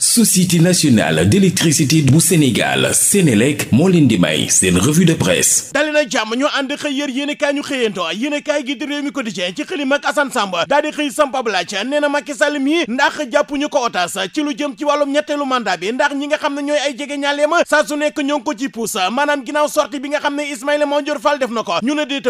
société nationale d'électricité bu Sénégal Sénélec moo leen di may seen revue de presse dali jàmm ñu ànd xëy yër yéenekaay ñu xëyanto yéenekaay gi di Rewmi Quotidien ci xëlim ak Assane Samba daal di xëy samp ab laaj nee na Macky Sall mi ndax ko otas ci lu jëm ci wàllum ñetteelu mandat bi ndax ñi nga xam ne ñooy ay jege ñaaleem saa su nekk ñoo ko ci puus maanaam ginnaaw sortie bi nga xam ne Ismaïla Madior Fall def na ko ñu ne déete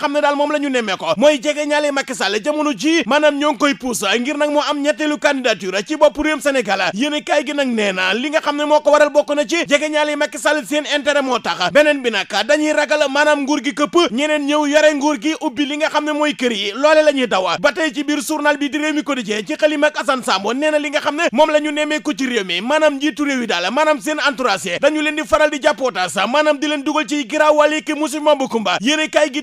xam ne daal moom la ñu nemmee ko mooy jege ñaale Macky Sall ji maanaam ñoo koy pousse ngir nag moo am ñetteelu candidature ci bopp réewum Sénégal yéen kaay gi nag nee na li nga xam ne moo ko waral bokk na ci jege ñaale Macky Sall seen intérêt moo tax beneen bi nag dañuy ragal maanaam nguur gi këpp ñeneen ñëw yore nguur gi ubbi li nga xam ne mooy kër yi loole la ñuy dawa ba tey ci biir journal bi di réew mi quotidien ci xalim ak Assane Sambo nee na li nga xam ne moom la ñu nemmeeku ci réew mi maanaam njiitu réew yi daal leen di faral di jàppootaas maanaam di leen dugal ci giraawal yi ki musiba bu kaay gi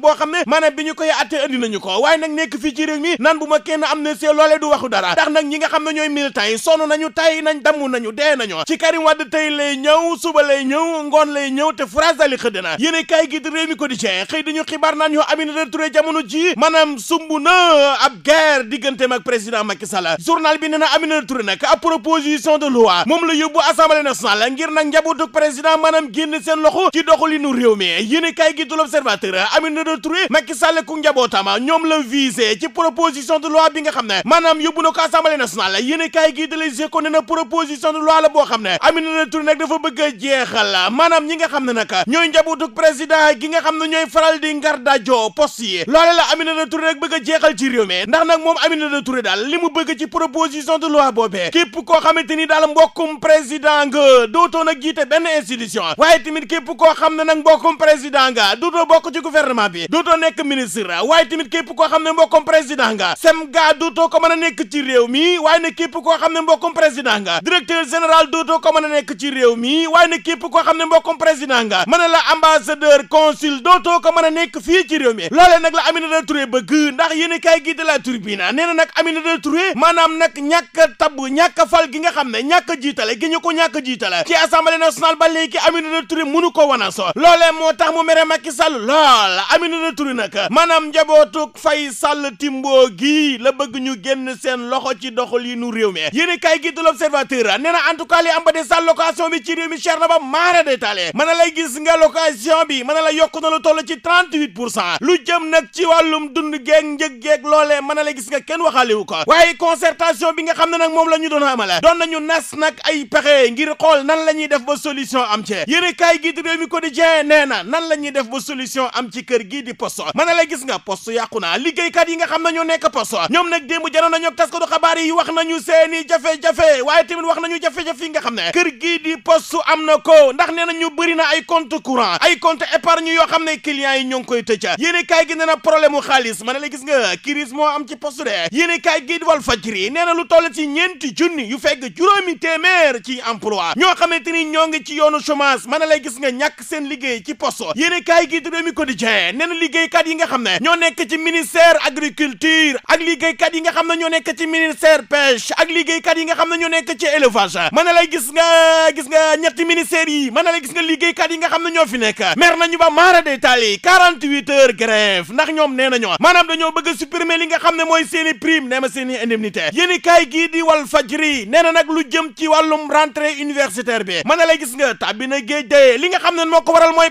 boo xam ne maanaam bi ñu koy atte andi nañu ko waaye nag nekk fii ci réew mi naan bu ma kenn amnistie loolee du waxu dara ndax nag ñi nga xam ne ñooy militants yi sonn nañu tay nañ damm nañu dee nañu ci Karim Wade tey lay ñëw suba lay ñëw ngoon lay ñëw te phrase dali xëdd na yéen kaay gi di réew xëy dañu xibaar naan ñoo Aminata Touré jamono ji maanaam sumb na ab guerre digganteem ak président Macky Sall journal bi nee na Aminata Touré nag ab proposition de loi la yóbbu assemblée nationale ngir nag njabootu président maanaam génn seen loxo ci de Touré Macky Sall ku njabootama ñoom la visé ci proposition de loi bi nga xam ne maanaam yóbbu na ko assemblée nationale yéen kaay gii da lay ne na proposition de loi la boo xam ne Aminata Touré nag dafa bëgg a jeexal maanaam ñi nga xam ne nag ñooy njabootu président gi nga xam ne ñooy faral di ngar dajo poste yi loole la Aminata Touré nag bëgg a jeexal ci réew ndax nag moom Aminata Touré daal li mu bëgg ci proposition de loi boobee képp koo xamante xam ne nag mbokkum président nga président bi duutoo nekk ministre waaye tamit képp koo xam ne mbokkom président nga sem gaa duutoo ko mën a nekk ci mi waaye ne képp koo xam ne mbokkom président nga directeur général duutoo ko mën a nekk ci mi waaye ne képp koo xam ne mbokkom président nga mën a la ambassadeur consul dootoo ko mën a nekk fii ci mi loolee nag la Aminata Touré bëgg ndax yéen kaay gi de nee na nag Aminata Touré maanaam nag ñàkk tabb ñàkk fal gi nga xam ne ñàkk jiitale Aminata Touré nag maanaam njabootuk Faye Sall Timbo gii la bëgg ñu génn seen loxo ci doxalinu réew mi yéen kay gi de l'Observateur nee na en tout cas li am ba des location bi ci réew mi cher na ba maara détaillé mën na lay gis nga location bi mën la yokk na lu toll ci pour cent lu jëm nag ci wàllum dund geeg njëg geeg loolee mën na lay gis nga kenn waxaale ko waaye concertation bi nga xam ne nag moom la ñu doon amale doon nañu nas nag ay pexe ngir xool nan la ñuy def ba solution am ci yéen kay gi de réew mi quotidien nee na nan la ñuy def ba solution am ci kër gii di poste mën na la gis nga poste yàqu na liggéeykat yi nga xam na ñoo nekk poste ñoom nag démb janoon nañu ak taskatu xabaar yi wax nañu seeni jafe-jafe waaye tamit wax nañu jafe-jafe yi nga xam ne kër gii di poste am na ko ndax nee nañu bëri na ay compte courant ay compte épargne yoo xam ne clients yi ñoo ngi koy tëj yéene kaay gi nee na problème mu xaalis mën la gis nga crise moo am ci poste de yéene kaay gii di wal fajri nee na lu toll ci ñeenti junni yu fekk juróomi téeméer ci emploi ñoo xamante ni ñoo ngi ci yoonu chômage mën na lay gis nga ñàkk seen liggéey ci poste yéene kaay gii di Rewmi Quotidien nee liggéey liggéeykat yi nga xam ne ñoo nekk ci ministère agriculture ak liggéeykat yi nga xam na ñoo nekk ci ministère pêche ak liggéeykat yi nga xam na ñoo nekk ci élevage ma na lay gis nga gis nga ñetti ministères yi mën na lay gis nga liggéeykat yi nga xam na ñoo fi nekk mer nañu ba maara day taali 48 heures grève ndax ñoom nee na nañu maanaam dañoo bëgg a supprimer li nga xam ne mooy seeni prime nee ma seeni indemnité yéeni kaay gii wal fajri nee na nag lu jëm ci wàllum rentrée universitaire bi mën na lay nga tàbbi na géej moo ko waral mooy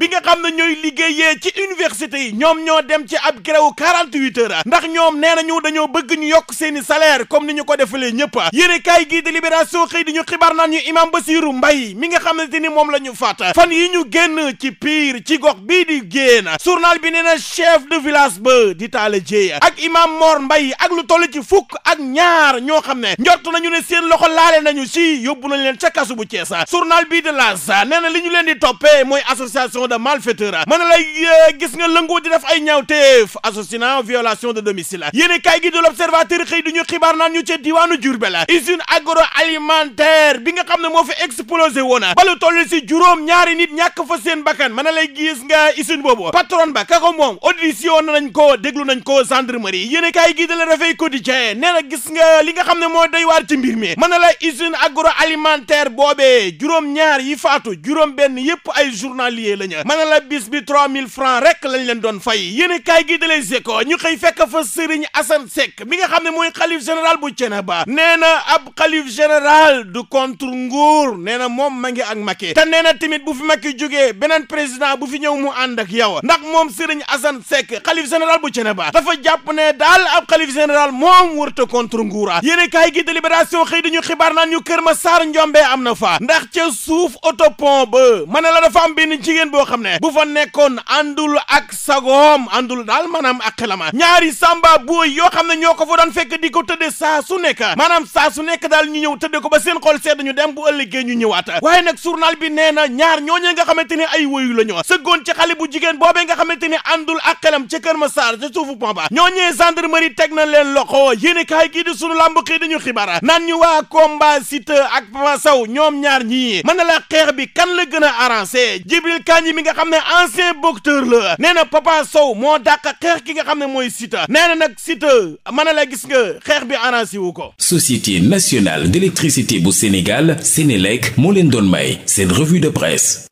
bi nga xam ne ñooy liggéeyee ci université yi ñoom ñoo dem ci ab grève 48 heures ndax ñoom nee na nañu dañoo bëgg ñu yokk seeni salaire comme ni ñu ko defalee ñëpp yéene kay gii di libération xëy di ñu xibaar naan ñu imam Basiru Mbay mi nga xam xamante ni moom la ñu faat fan yi ñu génn ci piir ci gox bii di génn surnal bi nee na chef de village ba di taala jéey ak imam Mor Mbay ak lu toll ci fukk ak ñaar ñoo xam ne njort nañu ne seen loxo laale nañu si yóbbu nañ leen ca kasu bu Ceesa journal bii de L'As nee li ñu leen di toppee mooy association de malfaiteurs ma ne la eh, gis nga lëngoo di def ay ñaawteef assassinat violation de domicile yéen kaay gi de l'observateur xëy du ñu xibaar naan ñu ci diwaanu Diourbel usine agroalimentaire bi nga xam ne moo fi explosé woon ba lu toll si juróom ñaari nit ñàkk fa seen ba ma ne lay gis nga usine boobu patron ba ka ko moom audition nañ ko déglu nañ ko gendarmerie yéen kaay gi de la Réveil Quotidien nee na gis nga li nga xam ne moo doy waar ci mbir mi ma ne la usine agroalimentaire boobee juróom ñaar yi juróom benn yëpp ay journalier lañu la bis bi di trois mille francs rek lañ leen doon fay yéen kaay gi de Les Échos ñu xëy fekk fa Serigne Assane Seck mi nga xam ne mooy xalif général bu Thiénaba nee na ab xalif général du contre nguur nee na moom ma ngi ak Macky te nee na tamit bu fi Macky jógee beneen président bu fi ñëw mu ànd ak yow ndax moom Serigne Assane Seck xalif général bu Thiénaba dafa jàpp ne daal ab xalif général moom wërta contre nguura yéen kaay gi de Libération xëy ñu xibaar naa ñu Kër Massar Njombe am na fa ndax ca suuf autopont ba ma ne la dafa am benn jigéen boo xam ne nekk nekkoon àndul ak sagoom àndul daal maanaam ak xelama ñaari samba booy yoo xam ne ñoo ko fa daan fekk di ko tëddee saa su nekk maanaam saa su nekk daal ñu ñëw tëddee ko ba seen xol sedd ñu dem bu ëllëgee ñu ñëwaat waaye nag journal bi nee na ñaar ñooñu nga xamante ni ay woyu la ñu sëggoon ci xale bu jigéen boobee nga xamante ni àndul ak xelam ca Kër Massar ca suufu pont ba ñooñee gendarmerie teg na leen loxo yéene kaay gii di sunu làmb xëy dañu xibaar naan ñu waa combat Siteu ñoom ñaar ñii mën na la xeex bi kan la gën a arrangé Jibril Kanji mi nga xam ne ancien boxeur la nee na Papa Sow moo dàq xeex ki nga xam ne mooy Siteu nee nag Siteu mën na la gis nga xeex bi arrangé wu ko. Société nationale d'électricité bu Sénégal Sénélec moo leen doon may seen revue de presse.